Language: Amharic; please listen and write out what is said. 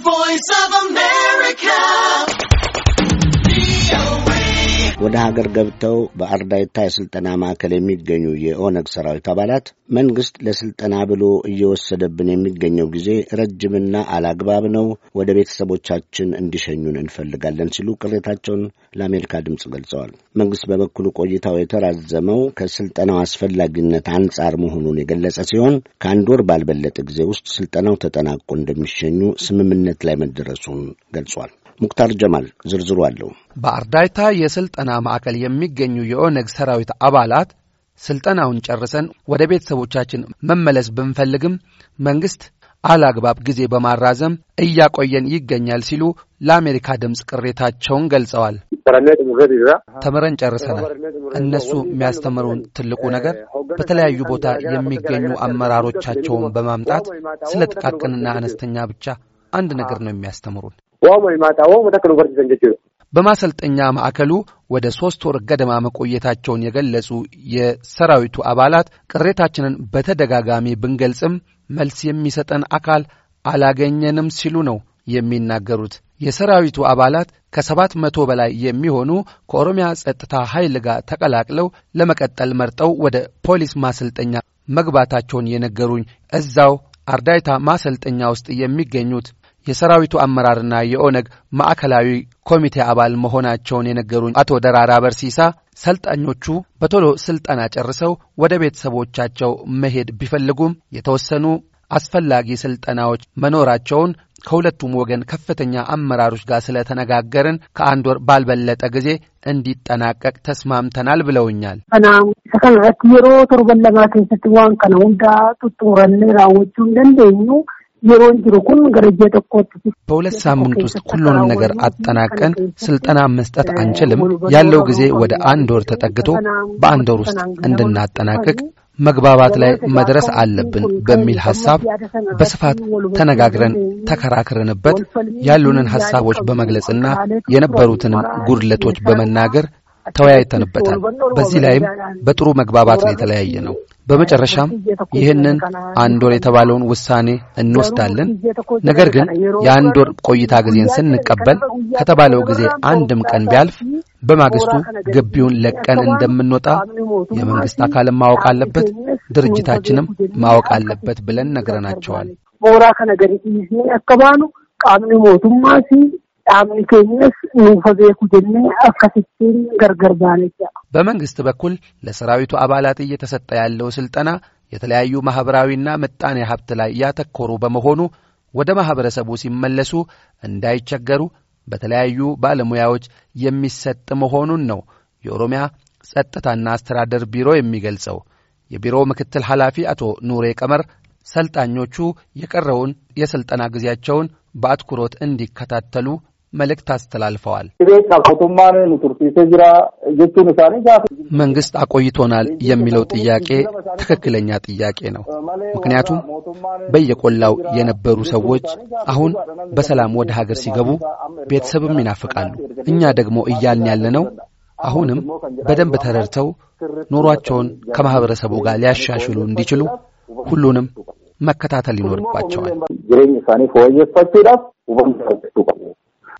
voice of a man. ወደ ሀገር ገብተው በአርዳይታ የሥልጠና ማዕከል የሚገኙ የኦነግ ሰራዊት አባላት መንግሥት ለሥልጠና ብሎ እየወሰደብን የሚገኘው ጊዜ ረጅምና አላግባብ ነው፣ ወደ ቤተሰቦቻችን እንዲሸኙን እንፈልጋለን ሲሉ ቅሬታቸውን ለአሜሪካ ድምፅ ገልጸዋል። መንግሥት በበኩሉ ቆይታው የተራዘመው ከሥልጠናው አስፈላጊነት አንጻር መሆኑን የገለጸ ሲሆን ከአንድ ወር ባልበለጠ ጊዜ ውስጥ ሥልጠናው ተጠናቆ እንደሚሸኙ ስምምነት ላይ መደረሱን ገልጿል። ሙክታር ጀማል ዝርዝሩ አለው። በአርዳይታ የስልጠና ማዕከል የሚገኙ የኦነግ ሰራዊት አባላት ስልጠናውን ጨርሰን ወደ ቤተሰቦቻችን መመለስ ብንፈልግም መንግስት አላግባብ ጊዜ በማራዘም እያቆየን ይገኛል ሲሉ ለአሜሪካ ድምፅ ቅሬታቸውን ገልጸዋል። ተምረን ጨርሰናል። እነሱ የሚያስተምሩን ትልቁ ነገር በተለያዩ ቦታ የሚገኙ አመራሮቻቸውን በማምጣት ስለ ጥቃቅንና አነስተኛ ብቻ አንድ ነገር ነው የሚያስተምሩን። ዋሞ ማጣ ዋሞ ተክሎ በርሲሰን ጀ በማሰልጠኛ ማዕከሉ ወደ ሶስት ወር ገደማ መቆየታቸውን የገለጹ የሰራዊቱ አባላት ቅሬታችንን በተደጋጋሚ ብንገልጽም መልስ የሚሰጠን አካል አላገኘንም ሲሉ ነው የሚናገሩት። የሰራዊቱ አባላት ከሰባት መቶ በላይ የሚሆኑ ከኦሮሚያ ጸጥታ ኃይል ጋር ተቀላቅለው ለመቀጠል መርጠው ወደ ፖሊስ ማሰልጠኛ መግባታቸውን የነገሩኝ እዛው አርዳይታ ማሰልጠኛ ውስጥ የሚገኙት የሰራዊቱ አመራርና የኦነግ ማዕከላዊ ኮሚቴ አባል መሆናቸውን የነገሩኝ አቶ ደራራ በርሲሳ ሰልጣኞቹ በቶሎ ስልጠና ጨርሰው ወደ ቤተሰቦቻቸው መሄድ ቢፈልጉም የተወሰኑ አስፈላጊ ስልጠናዎች መኖራቸውን ከሁለቱም ወገን ከፍተኛ አመራሮች ጋር ስለተነጋገርን ከአንድ ወር ባልበለጠ ጊዜ እንዲጠናቀቅ ተስማምተናል ብለውኛል። ከሰረት የሮ ተርበለማ ከንሰት ዋን ጡጡረን ራዎቹ እንደንደኙ በሁለት ሳምንት ውስጥ ሁሉንም ነገር አጠናቀን ስልጠና መስጠት አንችልም። ያለው ጊዜ ወደ አንድ ወር ተጠግቶ በአንድ ወር ውስጥ እንድናጠናቅቅ መግባባት ላይ መድረስ አለብን በሚል ሐሳብ በስፋት ተነጋግረን ተከራክረንበት ያሉንን ሐሳቦች በመግለጽና የነበሩትንም ጉድለቶች በመናገር ተወያይተንበታል። በዚህ ላይም በጥሩ መግባባት ነው የተለያየ ነው። በመጨረሻም ይህንን አንድ ወር የተባለውን ውሳኔ እንወስዳለን። ነገር ግን የአንድ ወር ቆይታ ጊዜን ስንቀበል ከተባለው ጊዜ አንድም ቀን ቢያልፍ በማግስቱ ግቢውን ለቀን እንደምንወጣ የመንግስት አካልም ማወቅ አለበት፣ ድርጅታችንም ማወቅ አለበት ብለን ነግረናቸዋል። ሞራ ከነገር ቃምኒ ሞቱማ dhaabni keenyas nuufa beeku jenne ገርገር gargar በመንግስት በኩል ለሰራዊቱ አባላት እየተሰጠ ያለው ስልጠና የተለያዩ ማኅበራዊና ምጣኔ ሀብት ላይ ያተኮሩ በመሆኑ ወደ ማኅበረሰቡ ሲመለሱ እንዳይቸገሩ በተለያዩ ባለሙያዎች የሚሰጥ መሆኑን ነው የኦሮሚያ ጸጥታና አስተዳደር ቢሮ የሚገልጸው። የቢሮው ምክትል ኃላፊ አቶ ኑሬ ቀመር ሰልጣኞቹ የቀረውን የሥልጠና ጊዜያቸውን በአትኩሮት እንዲከታተሉ መልእክት አስተላልፈዋል። መንግስት አቆይቶናል የሚለው ጥያቄ ትክክለኛ ጥያቄ ነው። ምክንያቱም በየቆላው የነበሩ ሰዎች አሁን በሰላም ወደ ሀገር ሲገቡ ቤተሰብም ይናፍቃሉ። እኛ ደግሞ እያልን ያለነው አሁንም በደንብ ተረድተው ኑሯቸውን ከማህበረሰቡ ጋር ሊያሻሽሉ እንዲችሉ ሁሉንም መከታተል ይኖርባቸዋል።